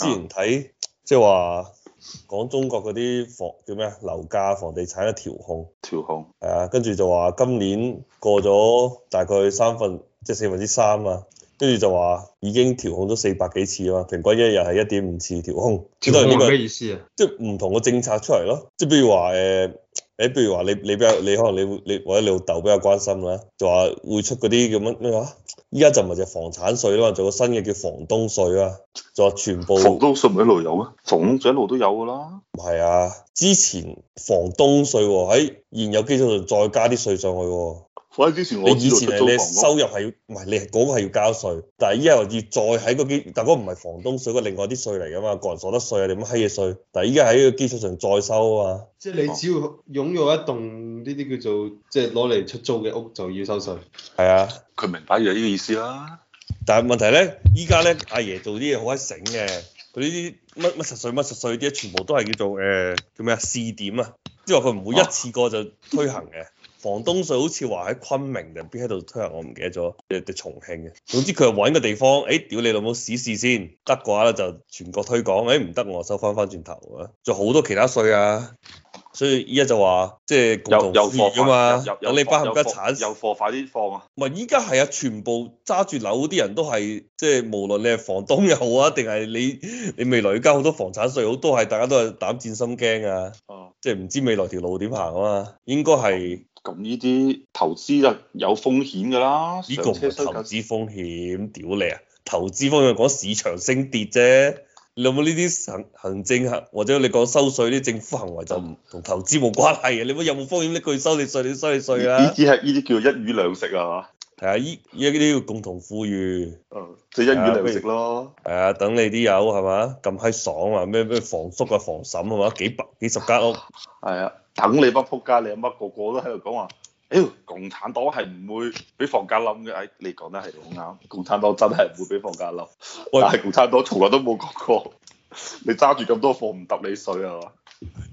之前睇即係話講中國嗰啲房叫咩啊？樓價、房地產嘅調控，調控係啊，跟住就話今年過咗大概三分即係四分之三啊，跟住就話已經調控咗四百幾次啊，平均一日係一點五次調控。都係呢個意思啊，即係唔同嘅政策出嚟咯，即係比如話誒。呃誒、哎，比如話你，你比較，你可能你，你或者你老豆比較關心啦，就話會出嗰啲叫乜咩話？依家就唔係淨係房產稅啦嘛，做個新嘅叫房東稅啊，就話全部房東稅唔一路有咩？房東稅一路都有㗎啦，唔係啊，之前房東稅喎，喺現有基礎上再加啲稅上去喎、哦。我之前，你以前你收入係要，唔係你嗰個係要交稅，但係依家又要再喺嗰基，但嗰個唔係房東稅，個另外啲稅嚟噶嘛，個人所得稅啊，你乜閪嘢稅？但係依家喺個基礎上再收啊嘛。即係你只要擁有一棟呢啲叫做，即係攞嚟出租嘅屋就要收稅。係、哦、啊，佢明白住呢個意思啦、啊。但係問題咧，依家咧阿爺做啲嘢好鬼醒嘅，佢呢啲乜乜實稅乜實稅啲，全部都係叫做誒、呃、叫咩啊試點啊，即係話佢唔會一次過就推行嘅。房東稅好似話喺昆明定邊喺度推啊？我唔記得咗，誒誒重慶嘅。總之佢係揾個地方，誒、哎，屌你老母試試先，得嘅話咧就全國推廣，誒、哎、唔得我收翻翻轉頭啊！仲好多其他稅啊，所以依家就話即係共同富裕啊嘛。有貨快啲放啊！唔係依家係啊，全部揸住樓嗰啲人都係即係，無論你係房東又好啊，定係你你未來要交好多房產稅，好都係大家都係膽戰心驚啊！即係唔知未來條路點行啊嘛，應該係。咁呢啲投資就有風險嘅啦，呢個唔係投資風險，屌你啊！投資風險講市場升跌啫，你有冇呢啲行行政啊？或者你講收稅啲政府行為就唔同投資冇關係啊！你冇有冇風險？一句收你稅，你收你稅啊！呢啲係呢啲叫一魚兩食啊嘛，係啊，依依家啲要共同富裕，嗯，即係一魚兩食咯，係啊，就是，啊，等你啲有，係嘛，咁閪爽啊！咩咩房叔啊、房嬸啊，幾百幾十間屋，係啊。等你班撲街，你阿媽個個都喺度講話，妖、哎、共產黨係唔會俾房價冧嘅。誒、哎，你講得係好啱，共產黨真係唔會俾房價冧，喂但係共產黨從來都冇講過。你揸住咁多貨唔揼你水係嘛？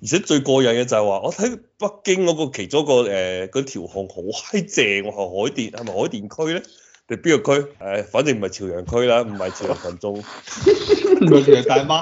而且最過癮嘅就係話，我睇北京嗰個其中一個誒嗰、呃、條巷好閪正喎，係海淀係咪海淀區咧？你邊個區？誒、哎，反正唔係朝陽區啦，唔係朝陽群眾，佢哋大媽，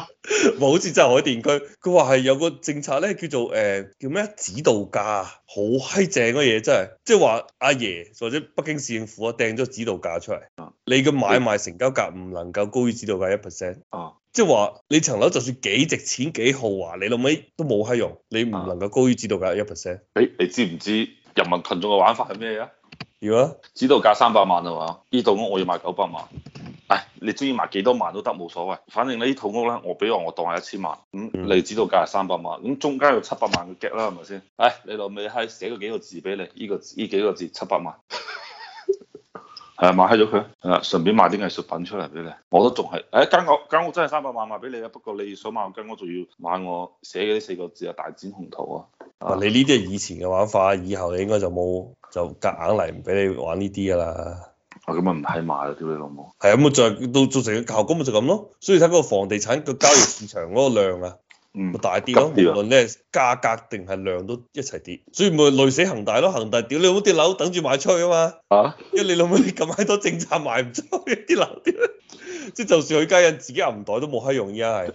好似真係海淀區。佢話係有個政策咧，叫做誒、呃，叫咩？指導價，好閪正嘅嘢真係，即係話阿爺或者北京市政府啊，掟咗指導價出嚟。啊，你嘅買賣成交價唔能夠高於指導價一 percent。啊，即係話你層樓就算幾值錢幾豪華，你老味都冇閪用，你唔能夠高於指導價一 percent。誒、啊嗯，你知唔知人民群眾嘅玩法係咩啊？如果 You 指導價三百萬啊嘛，呢套屋我要賣九百萬，唉，你中意賣幾多萬都得冇所謂，反正你呢套屋咧，我俾我我當係一千萬，咁、嗯、你指導價係三百萬，咁中間有七百萬嘅 gap 啦，係咪先？唉，你老味閪寫個幾個字俾你，呢個呢幾個字七百萬。 係啊，買咗佢，係啦，順便賣啲藝術品出嚟俾你。我都仲係，誒間屋間屋真係三百萬賣俾你啊！不過你想買間屋，仲要買我寫嘅呢四個字啊，大展宏圖啊！嗱、啊，你呢啲係以前嘅玩法，以後你應該就冇，就夾硬嚟唔俾你玩呢啲㗎啦。啊，咁啊唔閪賣啦，屌你老母！係啊，咁就就到做成個鉸工就咁咯，所以睇個房地產嘅交易市場嗰個量啊。大啲咯，無論咧價格定係量都一齊跌，所以唔會累死恒大咯，恒大屌你，好啲樓等住賣出去啊嘛，吓，因為你諗你咁閪多政策賣唔出啲樓，即 係 就，就算佢家人自己又唔袋都冇閪用依家係，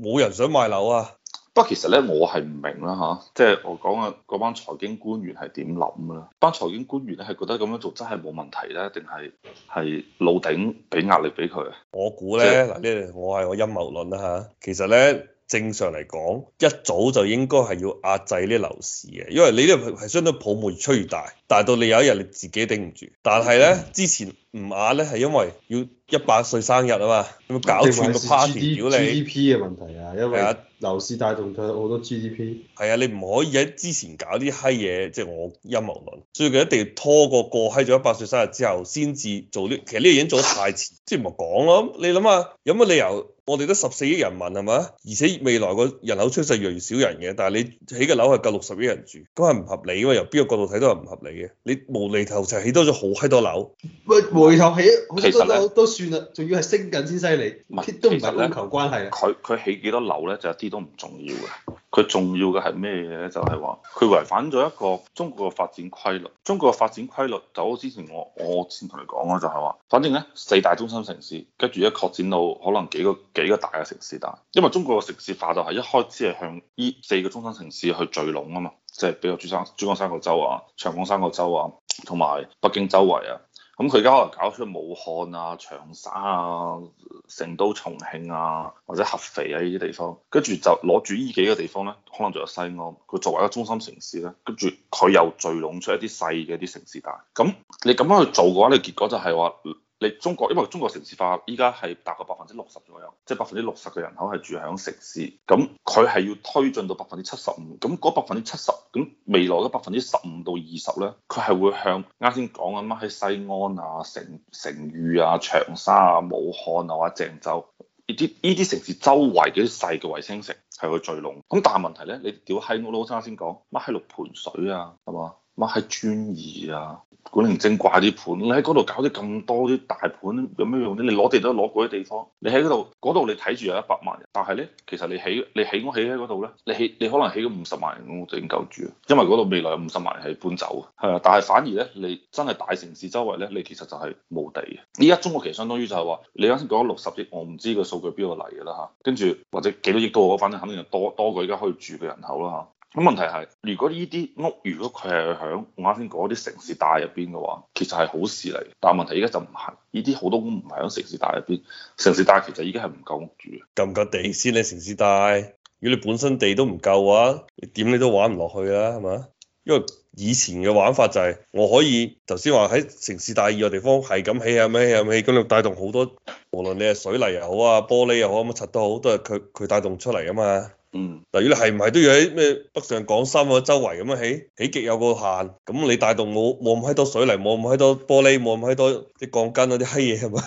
冇 人想買樓啊。不過其實咧，我係唔明啦吓，即係我講啊，嗰班財經官員係點諗啦？班財經官員咧係覺得咁樣做真係冇問題咧，定係係老頂俾壓力俾佢？啊？嗯、我估咧嗱，呢我係我陰謀論啦吓，其實咧。正常嚟講，一早就應該係要壓制呢啲樓市嘅，因為你呢係相對泡沫越吹越大，大到你有一日你自己頂唔住。但係呢、嗯、之前。唔啱咧，係因為要一百歲生日啊嘛，搞串個 party 表你。G D P 嘅問題啊，因為樓市帶動咗好多 G D P，啊。係啊，你唔可以喺之前搞啲閪嘢，即係我陰謀論，所以佢一定要拖過過閪咗一百歲生日之後，先至做啲。其實呢個已經做太遲，即係唔係講咯。你諗下，有乜理由？我哋得十四億人民係嘛，而且未來個人口趨勢越嚟越少人嘅，但係你起嘅樓係夠六十億人住，咁係唔合理嘅。由邊個角度睇都係唔合理嘅。你無厘頭就起多咗好閪多樓。回頭起，好都算啦，仲要係升緊先犀利，啲都唔係供求關係。佢佢起幾多樓咧，就一啲都唔重要嘅。佢重要嘅係咩嘢咧？就係話佢違反咗一個中國嘅發展規律。中國嘅發展規律，就好之前我我之前同你講啦，就係話，反正咧四大中心城市，跟住而家擴展到可能幾個幾個大嘅城市帶。但因為中國嘅城市化就係一開始係向呢四個中心城市去聚攏啊嘛，即係比如珠江珠江三角洲啊、長江三角洲啊，同埋北京周圍啊。咁佢而家可能搞出武漢啊、長沙啊、成都、重慶啊，或者合肥啊呢啲地方，跟住就攞住呢幾個地方咧，可能就有西安，佢作為一個中心城市咧，跟住佢又聚攏出一啲細嘅啲城市帶。咁你咁樣去做嘅話，你結果就係話。你中國因為中國城市化依家係大概百分之六十左右，即係百分之六十嘅人口係住喺城市，咁佢係要推進到百分之七十五，咁嗰百分之七十，咁未來嗰百分之十五到二十咧，佢係會向啱先講啊乜喺西安啊、成城，城域啊、長沙啊、武漢啊、鄭州呢啲依啲城市周圍嘅啲細嘅衛星城係會聚攏，咁但係問題咧，你屌閪，我老啱先講乜閪六盤水啊，係嘛？乜係專二啊？古靈精怪啲盤，你喺嗰度搞啲咁多啲大盤有咩用咧？你攞地都攞嗰啲地方，你喺嗰度嗰度你睇住有一百萬人，但係咧其實你起你起屋起喺嗰度咧，你起你，你可能起咗五十萬人我就已經夠住，因為嗰度未來有五十萬人係搬走嘅。啊，但係反而咧，你真係大城市周圍咧，你其實就係冇地嘅。依家中國其實相當於就係話，你啱先講六十億，我唔知個數據邊度嚟嘅啦嚇，跟住或者幾多億都好，反正肯定就多多過而家可以住嘅人口啦嚇。咁問題係，如果呢啲屋，如果佢係喺我啱先講啲城市帶入邊嘅話，其實係好事嚟。但問題而家就唔係，呢啲好多屋唔喺城市帶入邊，城市帶其實已經係唔夠屋住。夠唔夠地先咧？城市帶，如果你本身地都唔夠啊，你點你都玩唔落去啊，係嘛？因為以前嘅玩法就係、是、我可以頭先話喺城市帶以外地方係咁起啊，咩起啊，咩起咁，你帶動好多，無論你係水泥又好啊，玻璃又好，乜樣都好，都係佢佢帶動出嚟啊嘛。嗯，嗱，如你係唔係都要喺咩北上廣深個、啊、周圍咁、啊、樣起，起極有個限，咁你帶動冇冇咁閪多水泥，冇咁閪多玻璃，冇咁閪多啲鋼筋啊啲閪嘢係咪？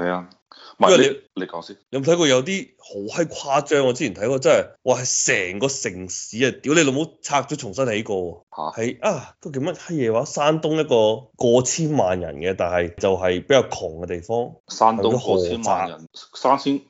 係啊，因為你你講先，有冇睇過有啲好閪誇張、啊？我之前睇過真係，哇！成個城市啊，屌你老母拆咗重新起過喎、啊，係啊，啊，都叫乜閪嘢話？山東一個過千萬人嘅，但係就係比較窮嘅地方。山東過千萬人，三千。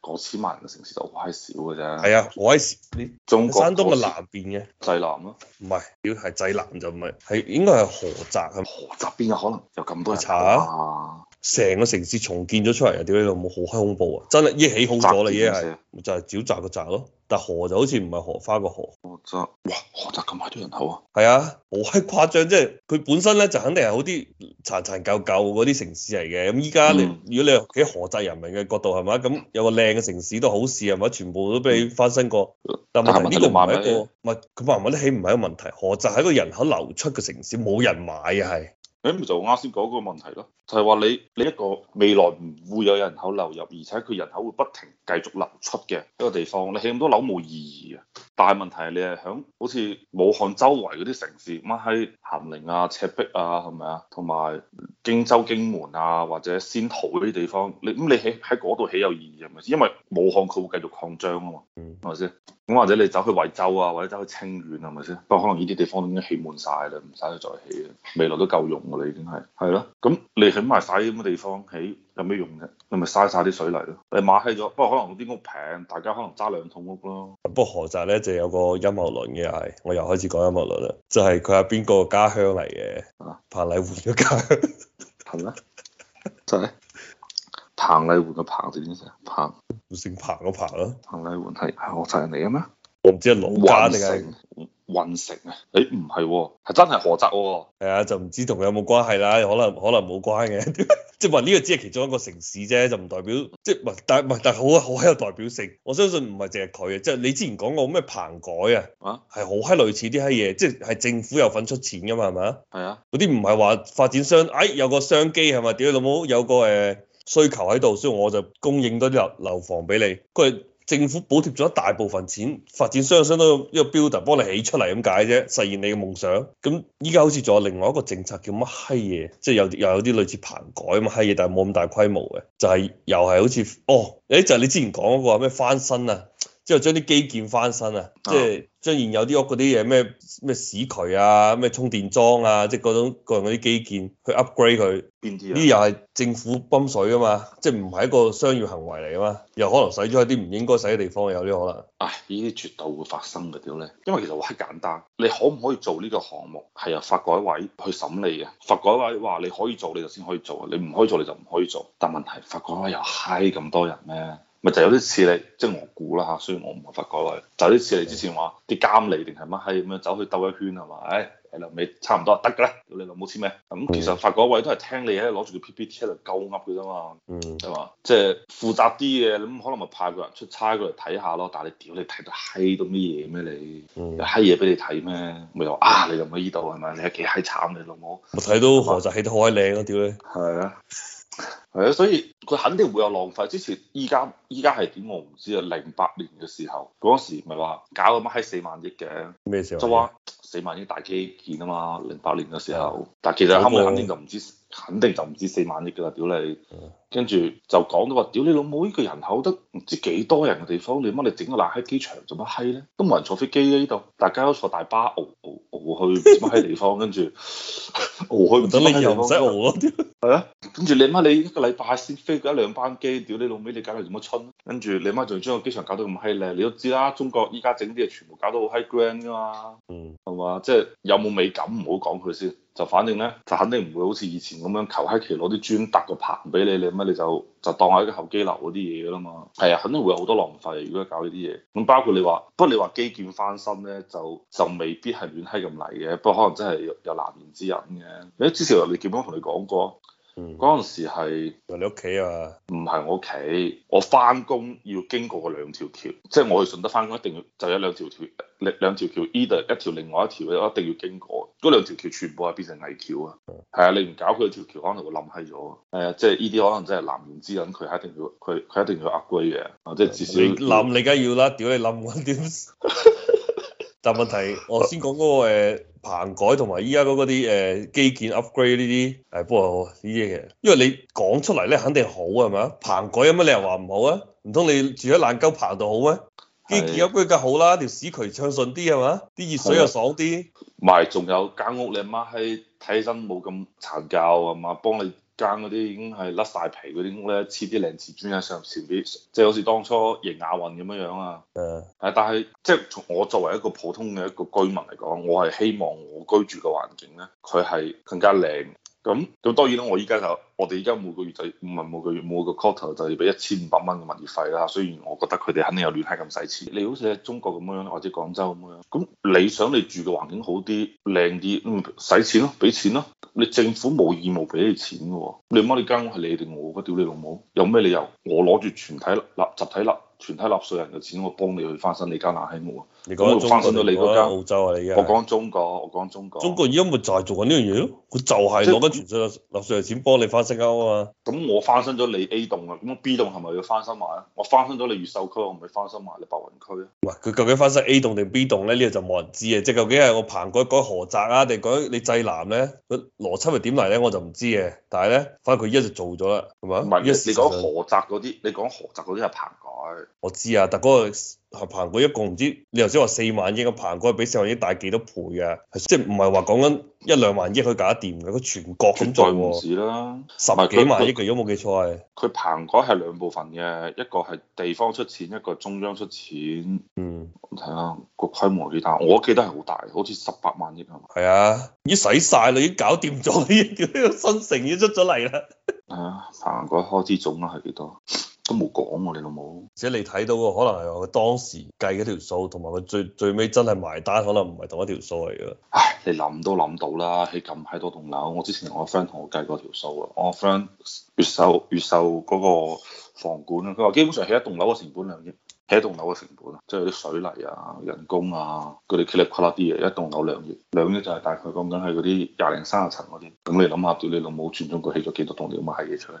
過千萬個城市就好閪少嘅啫，係啊，我喺你仲，山東嘅南邊嘅濟南咯，唔係，屌係濟南就唔係，係應該係菏澤啊，菏澤國邊有、啊、可能有咁多人拆啊？成哇個城市重建咗出嚟啊！屌你老母，好閪恐怖啊！真係，已經起好咗啦，已經係，咪就係沼澤嘅澤咯。但菏就好似唔係荷花個荷，菏澤哇！菏澤咁鬼多人口啊，係啊，好閪誇張！即係佢本身咧就肯定係好啲殘殘舊舊嗰啲城市嚟嘅。咁依家你、嗯、如果你喺菏澤人民嘅角度係咪？咁有個靚嘅城市都好事係咪？全部都俾你翻新過，嗯、但係呢個唔係一個，唔係佢買唔買得起唔係一個問題。菏澤係一個人口流出嘅城市，冇人買啊係。就啱先講嗰個問題咯，就係話你你一個未來唔會有人口流入，而且佢人口會不停繼續流出嘅一個地方，你起咁多樓冇意義啊！大問題係你係響好似武漢周圍嗰啲城市，乜喺咸寧啊、赤壁啊，係咪啊？同埋荊州、荊門啊，或者仙桃嗰啲地方，你咁你喺喺嗰度起有意義啊？係咪先？因為武漢佢會繼續擴張啊嘛，係咪先？咁或者你走去惠州啊，或者走去清遠啊，係咪先？不過可能呢啲地方都已經起滿晒啦，唔使再起啦，未來都夠用㗎啦已經係。係咯，咁你喺埋曬咁嘅地方起。有咩用啫？你咪嘥晒啲水泥咯！你買起咗，不過可能啲屋平，大家可能揸兩棟屋咯。不過菏澤咧就有個陰謀論嘅又係，我又開始講陰謀論啦，就係佢係邊個家鄉嚟嘅？彭麗媛嘅家鄉係咩？就係彭麗媛個彭字點寫？彭，姓彭嘅彭咯、啊。彭麗媛係係菏澤人嚟嘅咩？我唔知係老家定係。運城啊？誒唔係喎，係真係菏澤喎。係啊，就唔知同佢有冇關係啦。可能可能冇關嘅， 即係話呢個只係其中一個城市啫，就唔代表即係唔係？但係唔係？但係好好有代表性。我相信唔係淨係佢啊。即係你之前講過咩棚改啊，係好閪類似啲閪嘢，即係政府有份出錢噶嘛，係咪啊？係啊。嗰啲唔係話發展商，哎有個商機係咪？屌老母有個誒需求喺度，所以我就供應多啲樓樓房俾你。佢。政府補貼咗一大部分錢，發展商相當於一個 builder 幫你起出嚟咁解啫，實現你嘅夢想。咁依家好似仲有另外一個政策叫乜閪嘢？即係、就是、又有啲類似棚改乜閪嘢，但係冇咁大規模嘅，就係、是、又係好似哦，就係、是、你之前講嗰、那個咩翻身」啊。之後將啲基建翻新啊，即係將現有啲屋嗰啲嘢咩咩市渠啊，咩充電樁啊，即係各種各樣嗰啲基建去 upgrade 佢。邊啲啊？呢啲又係政府泵水啊嘛，即係唔係一個商業行為嚟啊嘛，又可能使咗喺啲唔應該使嘅地方有啲可能。唉，呢啲絕對會發生嘅屌咧，因為其實好簡單，你可唔可以做呢個項目係由發改委去審理嘅，發改委話你可以做你就先可以做，你唔可以做，你，可以做你就唔可以做。但問題發改委又嗨咁多人咩？咪就有啲似你即係我估啦嚇，所以我唔係發改委，就啲似你之前話啲監理定係乜閪咁樣走去兜一圈係咪？誒，臨你差唔多得㗎啦，你老母黐咩？咁其實發改委都係聽你喺度攞住個 PPT 喺度鳩噏㗎啫嘛，係嘛？即係負責啲嘅咁，可能咪派個人出差過嚟睇下咯。但係你屌你睇到閪到乜嘢咩你？有閪嘢俾你睇咩？咪話啊，你嚟緊呢度係咪？你係幾閪慘你老母？我睇到何澤喜都好閪靚啊！屌你係啊～係啊，所以佢肯定會有浪費。之前依家依家係點？我唔知啊。零八年嘅時候，嗰時咪話搞咁閪四萬億嘅咩時候？就話四萬億大基建啊嘛，零八年嘅時候，但其實後尾、嗯、肯定就唔知，肯定就唔止四萬億噶啦，屌你！跟住、嗯、就講到話，屌你老母呢、這個人口得唔知幾多人嘅地方，你乜你整個爛閪機場做乜閪咧？都冇人坐飛機嘅呢度，大家都坐大巴熬熬熬去唔知乜閪地方，跟住熬去唔知乜地方都唔使熬咯，係啊，跟住你乜你一個禮拜先飛過一兩班機，屌你老味，你梗係做乜春？跟住你乜仲要將個機場搞到咁閪靚？你都知啦，中國依家整啲嘢全部搞到好 high grand 噶嘛，嗯。嗯即係有冇美感唔好講佢先，就反正咧就肯定唔會好似以前咁樣求閪其攞啲磚搭個棚俾你，你乜你就就當係啲候機樓嗰啲嘢噶啦嘛。係啊，肯定會有好多浪費如果搞呢啲嘢。咁包括你話，不過你話基建翻身咧，就就未必係亂閪咁嚟嘅。不過可能真係有有難言之隱嘅。誒，之前你哋基本同你講過。嗰陣、嗯、時係，你屋企啊？唔係我屋企，我翻工要經過個兩條橋，即係我去順德翻工，一定要，就一兩條橋，兩兩條橋，依度一條另外一條，一定要經過。嗰兩條橋全部係變成危橋啊！係啊、嗯，你唔搞佢條橋，可能會冧閪咗。係啊，即係呢啲可能真係難言之隱，佢一定要，佢佢一定要呃龜嘅。即係至少你你。你冧你梗要啦，屌你冧我點？ 但問題，我先講嗰、嗰個誒棚改同埋依家嗰啲誒基建 upgrade 呢啲誒，不過呢啲嘢，因為你講出嚟咧，肯定好係咪？棚改有乜理由話唔好？好啊？唔通你住喺爛鳩棚度好咩？基建 upgrade 梗好啦，條屎渠暢順啲係嘛？啲熱水又爽啲。唔係、啊，仲有間屋你阿媽喺睇起身冇咁殘舊係嘛？幫你。間嗰啲已經係甩晒皮嗰啲屋咧，黐啲靚瓷磚喺上啲，即係好似當初迎亞運咁樣樣啊。誒 Yeah.，但係即係從我作為一個普通嘅一個居民嚟講，我係希望我居住嘅環境咧，佢係更加靚。咁咁當然啦，我依家就我哋依家每個月就唔係每個月每個 quarter 就要俾一千五百蚊嘅物業費啦，雖然我覺得佢哋肯定有亂嚟咁使錢。你好似喺中國咁樣或者廣州咁樣，咁你想你住嘅環境好啲靚啲，咪使、嗯、錢咯，俾錢咯。你政府冇義務俾你錢嘅喎，你乜你間屋係你定我嘅？屌你老母！有咩理由？我攞住全體立集體立，全體納稅人嘅錢，我幫你去翻新你間爛閪啊？你講翻新到你嗰間澳洲啊，你家？我講中國，我講中國。中國而家咪就係做緊呢樣嘢咯，佢、嗯、就係攞緊全稅納納稅人錢幫你翻新間屋啊。咁、嗯、我翻新咗你 A 棟啊，咁 B 棟係咪要翻新埋啊？我翻新咗你越秀區，我唔係翻新埋你白雲區啊。喂，佢究竟翻新 A 棟定 B 棟咧？呢個就冇人知改改啊。即係究竟係我棚改改菏澤啊，定改你濟南咧？佢邏輯係點嚟咧？我就唔知嘅。但係咧，反正佢依家就做咗啦，係咪？唔係是，你講菏澤嗰啲，你講菏澤嗰啲係棚改。我知啊，但嗰個棚改一共唔知，你頭先話四萬億啊，棚改比四萬億大幾多倍啊？即係唔係話講緊一兩萬億去搞掂嘅？佢全國咁在喎。咁在唔止啦，十幾萬億佢如果冇記錯係。佢棚改係兩部分嘅，一個係地方出錢，一個中央出錢。嗯。睇下、啊、個規模幾大，我記得係好大，好似十八萬億係嘛？係啊，已經使晒啦，已經搞掂咗，呢 啲新城已經出咗嚟啦。係 啊，棚改開支總額係幾多？都冇講喎，你老母！而且你睇到喎，可能係我當時計嗰條數，同埋佢最最尾真係埋單，可能唔係同一條數嚟嘅。唉，你諗都諗到啦，起咁喺多棟樓，我之前我 friend 同我計過條數啊，我 friend 越秀越秀嗰個房管啊，佢話基本上起一棟樓嘅成本兩億，起一棟樓嘅成本啊，即係啲水泥啊、人工啊、嗰啲茄粒茄粒啲嘢，一棟樓兩億，兩億就係大概講緊係嗰啲廿零三十層嗰啲。咁你諗下，叫你老母全中國起咗幾多棟你咁大嘢出嚟？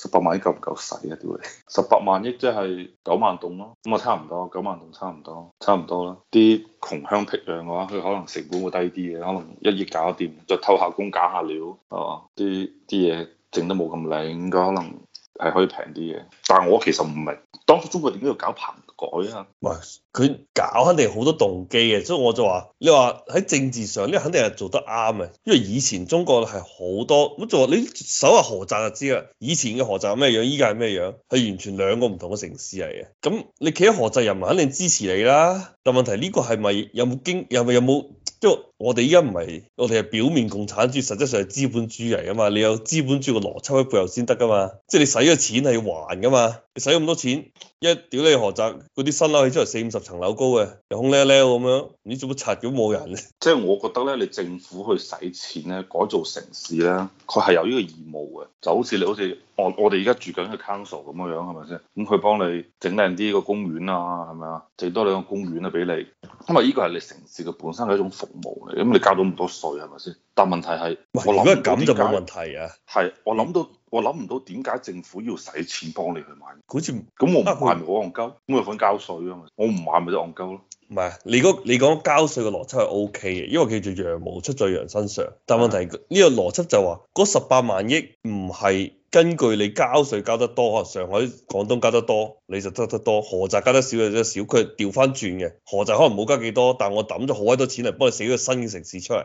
十八萬億夠唔夠使啊？屌你，十八萬億即係九萬棟咯，咁啊差唔多，九萬棟差唔多，差唔多啦。啲窮鄉僻壤嘅話，佢可能成本會低啲嘅，可能一億搞掂，再偷下工減下料，係嘛？啲啲嘢整得冇咁靚，應該可能。係可以平啲嘅，但係我其實唔係，當初中國點解要搞棚改啊？唔係佢搞肯定好多動機嘅，所以我就話，你話喺政治上呢，肯定係做得啱嘅，因為以前中國係好多咁就話你搜下菏澤就知啦，以前嘅菏澤咩樣，依家係咩樣，係完全兩個唔同嘅城市嚟嘅。咁你企喺菏澤人民肯定支持你啦，但問題呢個係咪有冇經，有咪有冇即、就是我哋依家唔係，我哋係表面共產主義，實際上係資本主義嚟噶嘛？你有資本主義個邏輯喺背後先得噶嘛？即係你使咗錢係要還噶嘛？你使咁多錢，一屌你學習嗰啲新樓起出嚟四五十層樓高嘅，又空叻叻咁樣，你做乜拆咗冇人。即係我覺得咧，你政府去使錢咧改造城市咧，佢係有呢個義務嘅。就好似你好似我我哋而家住緊嘅 Council 咁樣，係咪先？咁佢幫你整靚啲個公園啊，係咪啊？整多兩個公園啊俾你，因為呢個係你城市嘅本身嘅一種服務。咁、嗯、你交到咁多稅係咪先？但問題係，喂我諗到如果咁就冇問題啊。係，我諗到。我諗唔到點解政府要使錢幫你去買，好似咁我唔買咪好戇鳩，咁咪想交稅啊嘛，我唔買咪得戇鳩咯。唔係，你嗰你講交稅嘅邏輯係 O K 嘅，因為佢做羊毛出在羊身上。但係問題呢的個邏輯就話，嗰十八萬億唔係根據你交稅交得多，上海、廣東交得多你就得得多，菏澤交得少就少。佢調翻轉嘅，菏澤可能冇交幾多，但我抌咗好多錢嚟幫你死咗個新嘅城市出嚟，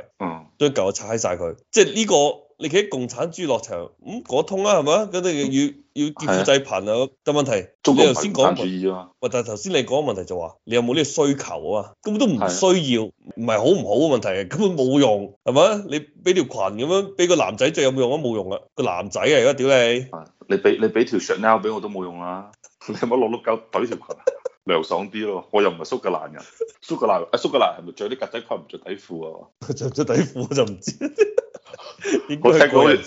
將舊嘅拆晒佢，即係、這、呢個。你企喺共產主義落場，咁、那、通、個、啊，係咪啊？咁你要要劫富濟貧啊？但是的 問題，中國 你頭先講，喂，啊、但係頭先你講個問題就話，你有冇呢個需求啊？根本都唔需要，唔係是的 好唔好嘅問題，根本冇用，係咪？你俾條裙咁樣俾個男仔着，有冇用啊？冇用啊！個男仔啊，而家屌你！你俾你俾條 short now 俾我都冇用啊！你有冇攞碌狗懟條裙。 涼爽啲咯，我又唔係蘇格蘭人，蘇格蘭阿，蘇格蘭係咪着啲格仔裙唔着底褲啊？佢着唔着底褲 是我就唔知，點解嗰個？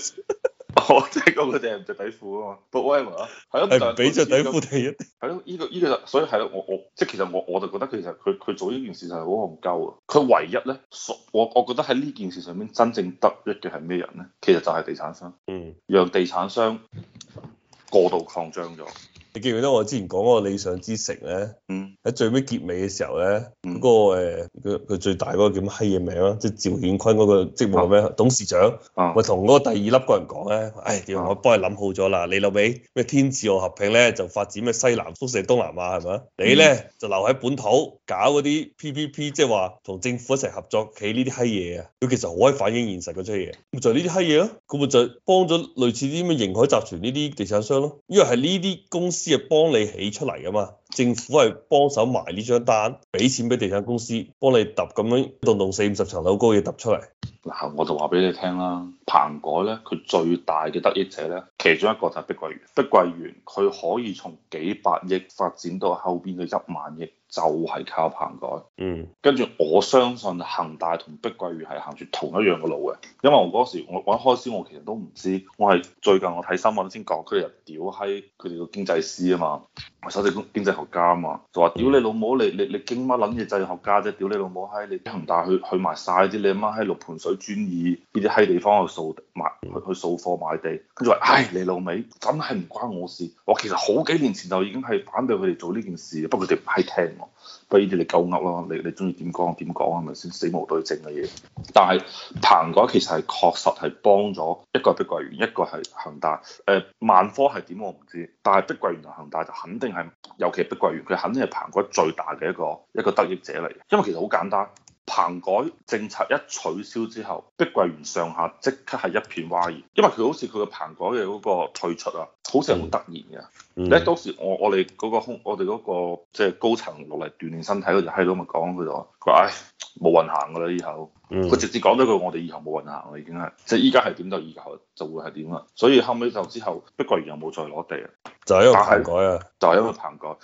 我即係佢哋係唔着底褲啊嘛，But why 呢？係咯，係唔比着底褲第一？係咯，呢個呢個所以係咯，我我即係其實我我就覺得其實佢佢做呢件事就係好戇鳩啊！佢唯一咧，我我我覺得喺呢件事上面真正得益嘅係咩人咧？其實就係地產商，嗯，讓地產商過度擴張咗。嗯 嗯嗯嗯你記唔記得我之前講嗰個理想之城咧？喺、嗯、最尾結尾嘅時候咧，嗰、嗯那個佢佢、呃、最大嗰個叫乜閪嘢名啊？即、就、係、是、趙遠坤嗰個職務係咩？啊、董事長，我同嗰個第二粒個人講咧。唉，啊、我幫你諗好咗啦，你留尾咩天字號合併咧就發展咩西南宿舍東南亞係咪、嗯、你咧就留喺本土搞嗰啲 P P P，即係話同政府一齊合作起呢啲閪嘢啊！佢其實好可以反映現實嗰出嘢，就呢啲閪嘢咯。佢咪就幫咗類似啲咩盈海集團呢啲地產商咯，因為係呢啲公司。即係幫你起出嚟㗎嘛，政府係幫手埋呢張單，俾錢俾地產公司幫你揼，咁樣棟棟四五十層樓高嘢揼出嚟。嗱，我就話俾你聽啦，棚改咧，佢最大嘅得益者咧，其中一個就係碧桂園。碧桂園佢可以從幾百億發展到後邊嘅一萬億。就係靠棚改，嗯，跟住我相信恒大同碧桂園係行住同一樣嘅路嘅，因為我嗰時我一開始我其實都唔知，我係最近我睇新聞先講，佢哋屌閪佢哋個經濟師啊嘛，佢首席經經濟學家啊嘛，就話屌你老母，你你你經乜撚嘢濟學家啫，屌你老母閪，你恒大去去，去埋晒啲，你阿媽喺六盤水遵義呢啲閪地方去掃買去去掃貨買地，跟住話唉你老味，真係唔關我事，我其實好幾年前就已經係反對佢哋做呢件事，不過佢哋唔係聽我。不依啲你夠噏咯，你你中意點講點講係咪先死無對證嘅嘢？但係棚改其實係確實係幫咗一個碧桂園，一個係恒大。誒、呃、萬科係點我唔知，但係碧桂園同恒大就肯定係，尤其係碧桂園佢肯定係棚改最大嘅一個一個得益者嚟，因為其實好簡單。棚改政策一取消之後，碧桂園上下即刻係一片嘩然，因為佢好似佢個棚改嘅嗰個退出啊，好似係好突然嘅。咧當、嗯嗯、時我我哋嗰個空，我哋嗰個即係高層落嚟鍛鍊身體嗰條喺度咪講佢就話：佢唉冇運行㗎啦，以後佢、嗯、直接講咗句我哋以後冇運行啦，已經係即係依家係點就以後就會係點啦。所以後尾就之後碧桂園又冇再攞地啦，就係因為棚改啊，就係因為棚改。